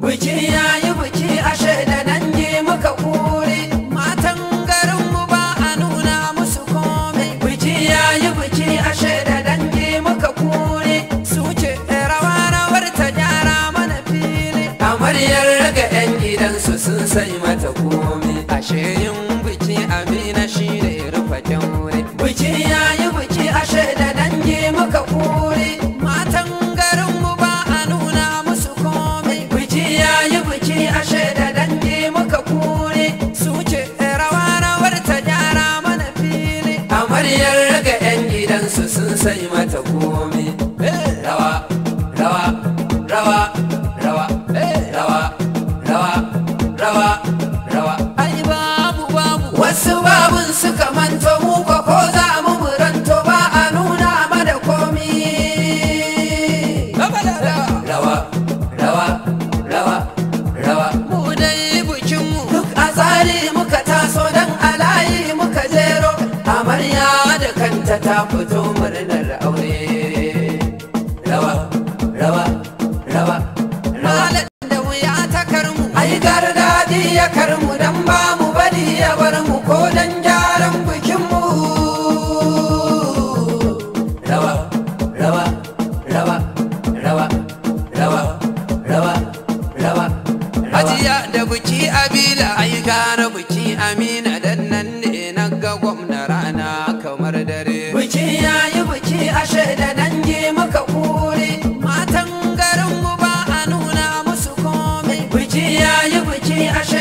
Which yeah, yeah. su sun sai mata komi ashe yin biki amina shi ne rufa kyaure biki ya yi biki ashe da dangi muka kuri. matan garin mu ba a nuna musu komi biki ya yi biki ashe da dangi muka kuri. su ce rawa rawar ta gyara mana fili amaryar ga yan gidansu sun sai mata komi ta ta fito murnar aure rawa rawa rawa rawa da wuya ta karmu ai gargadi ya karmu dan ba mu bari ya bar mu ko dan gyaran bikin mu rawa rawa rawa rawa rawa rawa rawa hajiya da buki abila ai gara buki amina da Na kamar dare biki yi biki ashe da dangi muka kure matan garinmu ba a nuna musu komai biki yi biki ashe